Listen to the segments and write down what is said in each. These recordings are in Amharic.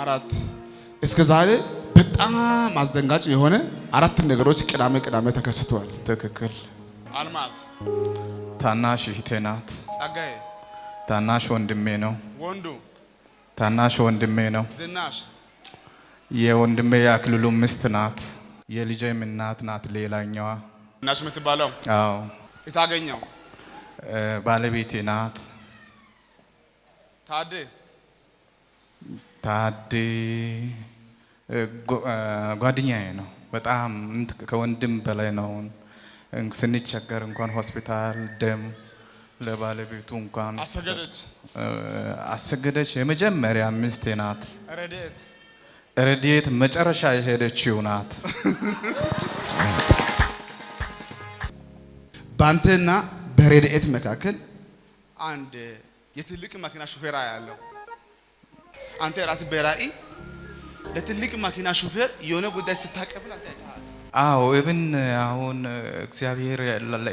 አራት እስከ ዛሬ በጣም አስደንጋጭ የሆነ አራት ነገሮች ቅዳሜ ቅዳሜ ተከስተዋል። ትክክል። አልማዝ ታናሽ እህቴ ናት። ጸጋዬ ታናሽ ወንድሜ ነው። ወንዱ ታናሽ ወንድሜ ነው። ዝናሽ የወንድሜ የአክልሉ ሚስት ናት። የልጄም እናት ናት። ሌላኛዋ እናሽ የምትባለው አዎ፣ የታገኘው ባለቤቴ ናት። ታዴ ታዴ ጓደኛዬ ነው። በጣም ከወንድም በላይ ነው። ስንቸገር እንኳን ሆስፒታል ደም ለባለቤቱ እንኳን አሰገደች የመጀመሪያ ሚስቴ ናት። ረድኤት መጨረሻ የሄደችው ናት። ባንተና በረድኤት መካከል አንድ የትልቅ መኪና ሹፌራ ያለው አንተ ራስ በራእይ ለትልቅ መኪና ሹፌር የሆነ ጉዳይ ስታቀብል አንተ አዎ እብን አሁን እግዚአብሔር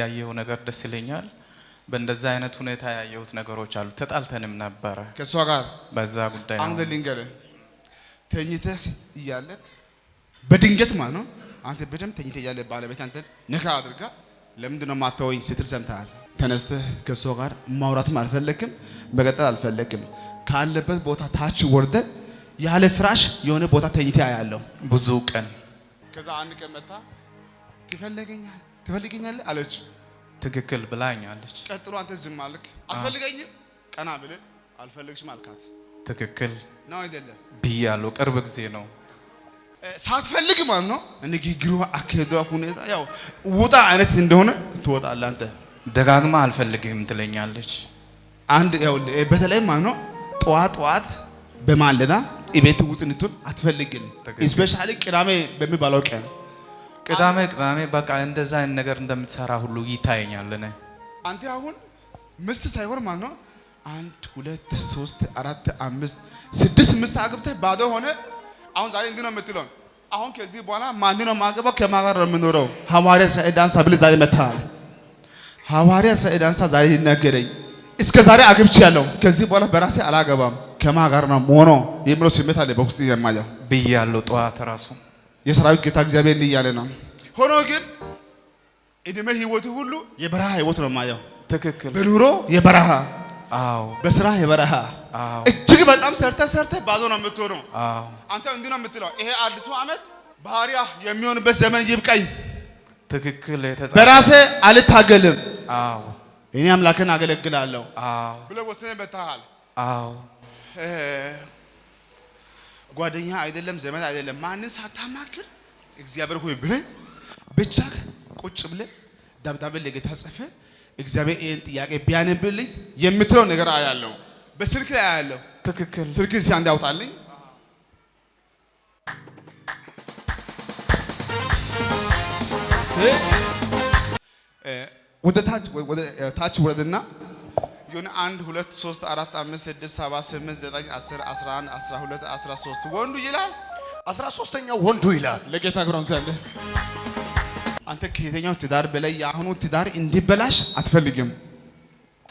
ያየው ነገር ደስ ይለኛል። በእንደዛ አይነት ሁኔታ ያየሁት ነገሮች አሉ። ተጣልተንም ነበረ ከእሷ ጋር በዛ ጉዳይ አንድ ልንገርህ፣ ተኝተህ እያለህ በድንገት ማለት ነው አንተ በደምብ ተኝተህ እያለህ ባለቤት አንተ ነካ አድርጋ ለምንድን ነው ስትል ሰምተሃል። ተነስተህ ከእሷ ጋር ማውራትም አልፈለግም፣ መቀጠል አልፈለግም። ካለበት ቦታ ታች ወርደ ያለ ፍራሽ የሆነ ቦታ ተኝታ ያለው ብዙ ቀን። ከዛ አንድ ቀን መታ ትፈልገኛል አለች። ትክክል ብላኛለች። ቀጥሎ አንተ ዝም አልክ፣ አትፈልገኝም። ቀና ብለ አልፈልግሽም አልካት። ትክክል ነው አይደለም ብያለሁ። ቅርብ ጊዜ ነው ሳትፈልግ ማለት ነው። ንግግሩ አካሄዷ ሁኔታ ያው ውጣ አይነት እንደሆነ ትወጣለህ አንተ ደጋግማ አልፈልግህም ትለኛለች። አንድ ያው በተለይ ማኖ ጠዋት ጠዋት በማለዳ ቤት ውስጥ እንትን አትፈልግም። ስፔሻሊ ቅዳሜ በሚባለው ቀን ቅዳሜ ቅዳሜ በቃ እንደዛ አይነት ነገር እንደምትሰራ ሁሉ ይታየኛል። እኔ አንተ አሁን ምስት ሳይሆን ማለት ነው አንድ ሁለት ሶስት አራት አምስት ስድስት ምስት አግብተህ ባዶ ሆነ። አሁን ዛሬ እንዲህ ነው የምትለው። አሁን ከዚህ በኋላ ማን ነው የማገባው? ከማን ጋር ነው የምኖረው? ሐዋርያ ሳይዳን ሳብል ዛሬ መታል ሐዋርያ አንስታ ዛሬ ይናገረኝ እስከ ዛሬ አግብቼ ያለው ከዚህ በኋላ በራሴ አላገባም ከማ ጋር ነው ሆኖ የሚለው ስሜት አለ በውስጥ የማየው ብያለሁ። ጠዋት ራሱ የሰራዊት ጌታ እግዚአብሔር እንዲህ እያለ ነው። ሆኖ ግን እድሜ ህይወቱ ሁሉ የበረሃ ህይወት ነው የማየው። ትክክል። በኑሮ የበረሃ አዎ፣ በስራ የበረሃ እጅግ በጣም ሰርተ ሰርተ ባዶ ነው የምትሆነው። አዎ፣ አንተ እንዲህ ነው የምትለው። ይሄ አዲሱ ዓመት ባህሪያ የሚሆንበት ዘመን ይብቃኝ። ትክክል። በራሴ አልታገልም አዎ እኔ አምላክን አገለግላለሁ ብለህ ወስነህ መጥተሃል። ጓደኛ አይደለም ዘመን አይደለም ማንን ሳታማክር እግዚአብሔር ሆይ ብለህ ብቻ ቁጭ ብለህ ደብዳቤ ለጌታ ጽፈህ እግዚአብሔር ይህን ጥያቄ ቢያነብልኝ የምትለው ነገር አያለሁ። በስልክ ላይ አያለሁ። ትክክል። ስልክ ሲ አንድ ያውጣልኝ ወደ ታች ወደ ታች ወረድና የሆነ አንድ ሁለት ሶስት አራት አምስት ስድስት ሰባት ስምንት ዘጠኝ አስር አስራ አንድ አስራ ወንዱ ይላል። አስራ ሶስተኛው ወንዱ ይላል። ለጌታ ክብራም ሳለ አንተ ከየትኛው ትዳር በላይ የአሁኑ ትዳር እንዲበላሽ አትፈልግም።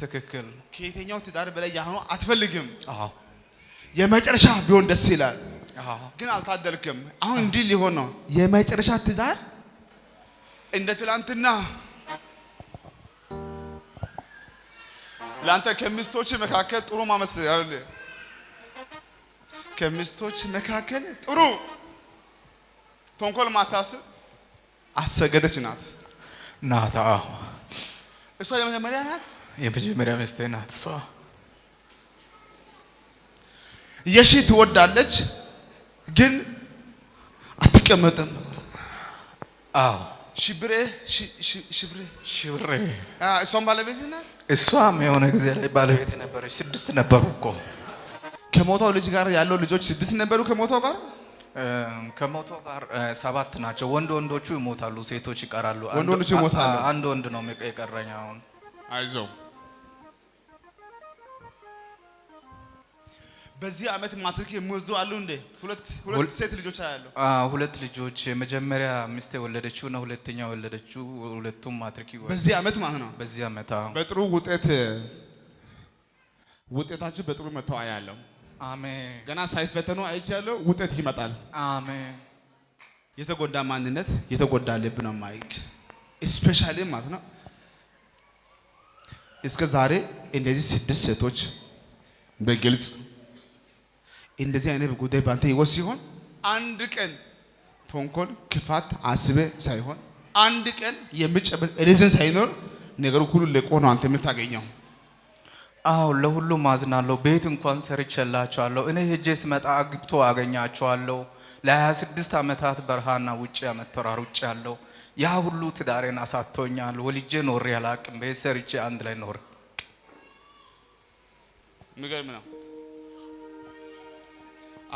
ትክክል። ከየትኛው ትዳር በላይ የአሁኑ አትፈልግም። የመጨረሻ ቢሆን ደስ ይላል፣ ግን አልታደልክም። አሁን እንዲህ ሊሆን ነው። የመጨረሻ ትዳር እንደ ትላንትና ለአንተ ከሚስቶች መካከል ጥሩ ማመስል ከሚስቶች መካከል ጥሩ ተንኮል ማታስብ አሰገደች ናት ናት። እሷ የመጀመሪያ ናት፣ የመጀመሪያ ሚስቴ ናት። እሷ የሺ ትወዳለች ግን አትቀመጥም። አዎ ሽብሬ ሽብሬ እሷም ባለቤት ናት። እሷም የሆነ ጊዜ ላይ ባለቤት ነበረች። ስድስት ነበሩ እኮ ከሞታው ልጅ ጋር ያለው ልጆች ስድስት ነበሩ። ከሞታው ጋር ከሞታው ጋር ሰባት ናቸው። ወንድ ወንዶቹ ይሞታሉ፣ ሴቶች ይቀራሉ። አንድ ወንድ ነው የቀረኝ አሁን አይዞህ በዚህ አመት ማትሪክ የሚወስዱ አሉ እንዴ? ሁለት ሁለት ሴት ልጆች አያሉ። ሁለት ልጆች የመጀመሪያ ሚስት የወለደችው እና ሁለተኛ የወለደችው ሁለቱም ማትሪክ ይወልዱ በዚህ አመት ማለት ነው። በዚህ አመት በጥሩ ውጤት ውጤታችሁ በጥሩ መጥቶ አያለው። አሜን። ገና ሳይፈተኑ አይቻለሁ። ውጤት ይመጣል። አሜን። የተጎዳ ማንነት የተጎዳ ልብ ነው ማይክ ስፔሻሊ ማለት ነው። እስከ ዛሬ እንደዚህ ስድስት ሴቶች በግልጽ እንደዚህ አይነት ጉዳይ ባንተ ህይወት ሲሆን አንድ ቀን ተንኮል፣ ክፋት አስበ ሳይሆን አንድ ቀን የሚጨበጥ ሪዝን ሳይኖር ነገሩ ሁሉ ለቆ ነው አንተ የምታገኘው። አዎ ለሁሉም አዝናለሁ። ቤት እንኳን ሰርቼላቸዋለሁ። እኔ ሄጄ ስመጣ አግብቶ አገኛቸዋለሁ። ለ26 ዓመታት በረሃና ውጭ ውጭ ያለው ያ ሁሉ ትዳሬን አሳቶኛል። ወልጄ ኖሬ አላቅም። ቤት ሰርቼ አንድ ላይ ኖር የሚገርም ነው።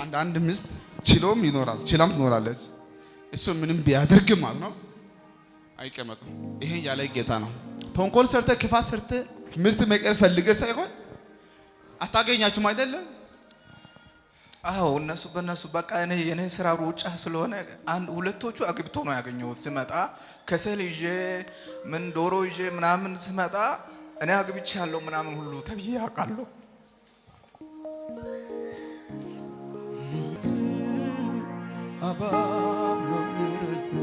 አንድ አንድ ሚስት ችሎም ይኖራል ችላም ትኖራለች። እሱ ምንም ቢያደርግ ማለት ነው አይቀመጥም። ይሄ ያለ ጌታ ነው። ተንኮል ሰርተ ክፋት ሰርተ ሚስት መቀር ፈልገ ሳይሆን አታገኛችሁም አይደለም? አዎ እነሱ በእነሱ በቃ እኔ የኔ ስራ ሩጫ ስለሆነ አንድ ሁለቶቹ አግብቶ ነው ያገኘሁት። ስመጣ ከሰል ይዤ ምን ዶሮ ይዤ ምናምን ስመጣ እኔ አግብቻለሁ ምናምን ሁሉ ተብዬ ያውቃለሁ። አባብሎ ምሕረት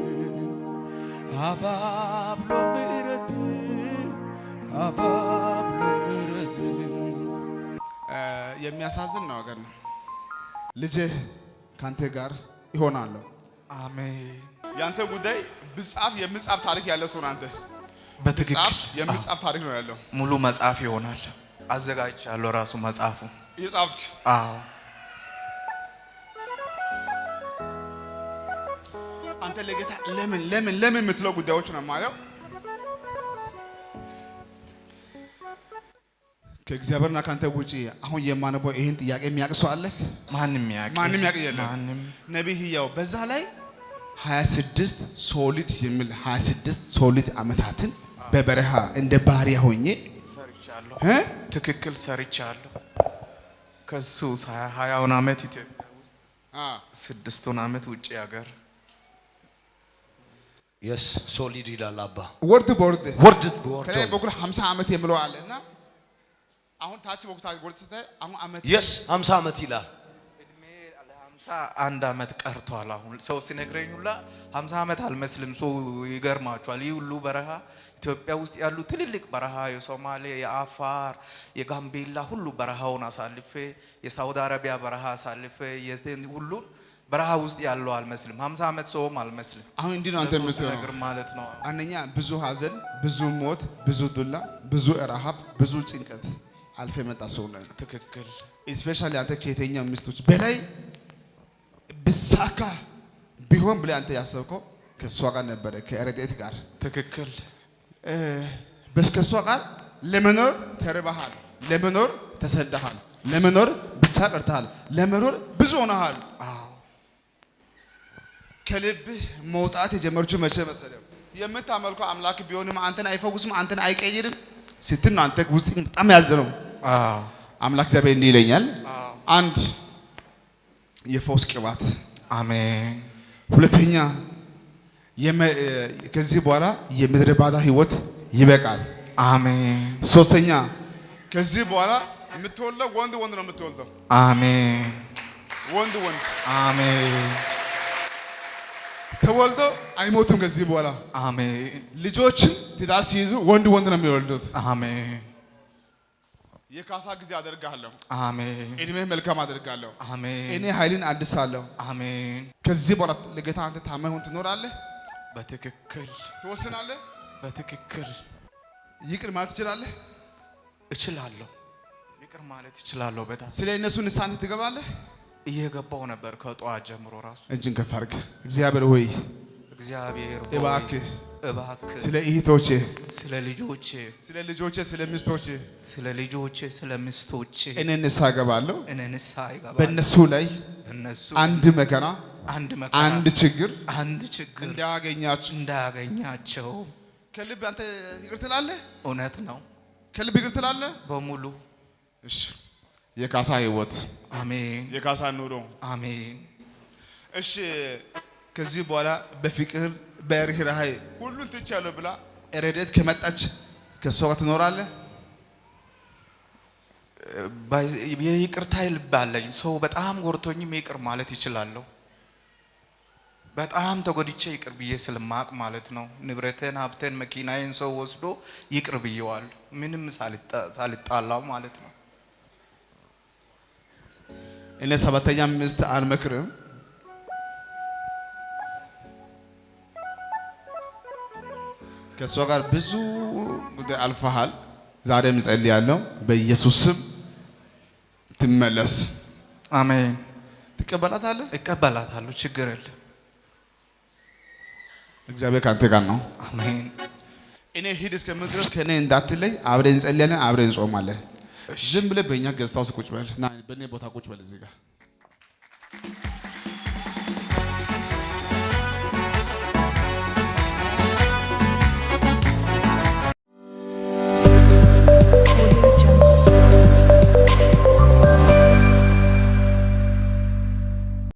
አባብሎ ምሕረት አባብሎ ምሕረት የሚያሳዝን ነው ወገን። ልጅህ ካንተ ጋር ይሆናለሁ። አሜን። ያንተ ጉዳይ ብጻፍ የምጻፍ ታሪክ ያለ ሰው አንተ በትክክል የምጻፍ ታሪክ ነው ያለው። ሙሉ መጽሐፍ ይሆናል። አዘጋጅቻለሁ። ራሱ መጽሐፉ ይጻፍክ። አዎ አንተ ለጌታ ለምን ለምን ለምን የምትለው ጉዳዮች ነው የማየው። ከእግዚአብሔርና ከአንተ ውጪ አሁን የማነበው ይህን ጥያቄ የሚያውቅ ሰው አለ? ማንም ያውቅ የለም። ነቢይ ያው በዛ ላይ 26 ሶሊድ የሚል 26 ሶሊድ አመታትን በበረሃ እንደ ባሪያ ሆኜ ትክክል ሰርቻለሁ። ከሱ 20ውን ዓመት ኢትዮጵያ ውስጥ ስድስቱን አመት ውጭ ሀገር የስ ሶሊድ ይላል አባ ወርድ በወርድ ወርድ በወርድ ከላይ በኩል 50 ዓመት የምለው አለ እና አሁን ታች በኩል ታች ወርድ ስታይ አሁን ዓመት የስ 50 ዓመት ይላል። ለ50 አንድ ዓመት ቀርቷል። አሁን ሰው ሲነግረኝ ሁላ 50 ዓመት አልመስልም። ሰው ይገርማቸዋል። ይህ ሁሉ በረሃ ኢትዮጵያ ውስጥ ያሉ ትልልቅ በረሃ የሶማሌ፣ የአፋር፣ የጋምቤላ ሁሉ በረሃውን አሳልፌ የሳውዲ አረቢያ በረሃ አሳልፌ ሁሉን በረሃ ውስጥ ያለው አልመስልም። 50 ዓመት ሰውም አልመስልም። አሁን እንዲህ ነው አንተ የምትነግር ማለት ነው። አንደኛ ብዙ ሀዘን ብዙ ሞት፣ ብዙ ዱላ፣ ብዙ ረሃብ፣ ብዙ ጭንቀት አልፈ የመጣ ሰው ነው። ትክክል። ስፔሻሊ አንተ ከየተኛ ሚስቶች በላይ ብሳካ ቢሆን ብለህ አንተ ያሰብከው ከእሷ ጋር ነበረ ከረጤት ጋር ትክክል። በስከሷ ጋር ለመኖር ተርባሃል፣ ለመኖር ተሰደሃል፣ ለመኖር ብቻ ቀርተሃል፣ ለመኖር ብዙ ሆነሃል። ከልብህ መውጣት የጀመረችው መቼ መሰለህ? የምታመልከው አምላክ ቢሆንም አንተን አይፈውስም፣ አንተን አይቀይርም ስትል አንተ ውስጥ በጣም ያዘ ነው። አምላክ እግዚአብሔር እንዲህ ይለኛል፣ አንድ የፈውስ ቅባት አሜን። ሁለተኛ ከዚህ በኋላ የምድረ በዳ ህይወት ይበቃል። አሜን። ሶስተኛ ከዚህ በኋላ የምትወልደው ወንድ ወንድ ነው የምትወልደው። አሜን። ወንድ ወንድ አሜን። ተወልዶ አይሞቱም ከዚህ በኋላ አሜን። ልጆችን ትዳር ሲይዙ ወንድ ወንድ ነው የሚወልዱት። አሜን። የካሳ ጊዜ አደርጋለሁ። አሜን። እድሜ መልካም አደርጋለሁ። አሜን። እኔ ኃይልን አድሳለሁ። አሜን። ከዚህ በኋላ ለጌታ አንተ ታማኝ ሆን ትኖራለህ። በትክክል ትወስናለህ። በትክክል ይቅር ማለት ትችላለህ። እችላለሁ። ይቅር ማለት እችላለሁ። በጣም ስለ እነሱ ንሳን ትገባለህ። እየገባው ነበር ከጠዋት ጀምሮ ራሱ እጅን ከፍ አድርግ። እግዚአብሔር ወይ እግዚአብሔር እባክህ እባክህ ስለ እህቶቼ፣ ስለ ልጆቼ፣ ስለ ልጆቼ፣ ስለ ሚስቶቼ፣ ስለ ልጆቼ፣ ስለ ሚስቶቼ እኔ ንስሐ እገባለሁ። እኔ ንስሐ እገባለሁ። በእነሱ ላይ በእነሱ አንድ መከራ፣ አንድ መከራ፣ አንድ ችግር፣ አንድ ችግር እንዳያገኛቸው እንዳያገኛቸው ከልብ አንተ ይቅር ትላለህ። እውነት ነው። ከልብ ይቅር ትላለህ በሙሉ እሺ የካሳ ህይወት አሜን። የካሳ ኑሮ አሜን። እሺ ከዚህ በኋላ በፍቅር በርህራሄ ሁሉን ትቻለሁ ብላ ረድኤት ከመጣች ከሷ ጋር ትኖራለህ። የይቅርታ ልብ አለኝ። ሰው በጣም ጎርቶኝም ይቅር ማለት ይችላለሁ። በጣም ተጎድቼ ይቅር ብዬ ስለማቅ ማለት ነው። ንብረትን፣ ሀብትን፣ መኪናዬን ሰው ወስዶ ይቅር ብዬዋል ምንም ሳልጣላው ማለት ነው። እኔ ሰባተኛ ሚስት አልመክርም። ከእሷ ጋር ብዙ ጉዳይ አልፈሃል። ዛሬም እጸልያለሁ በኢየሱስ ስም ትመለስ። አሜን። ትቀበላታለህ? እቀበላታለሁ። ችግር የለም። እግዚአብሔር ከአንተ ጋር ነው። አሜን። እኔ ሂድ እስከምድረስ ከእኔ እንዳትለይ። አብረን እንጸልያለን፣ አብረን እንጾማለን። ዝም ብለህ በእኛ ገዝታ ውስጥ ቁጭ በል፣ በእኔ ቦታ ቁጭ በል እዚህ ጋር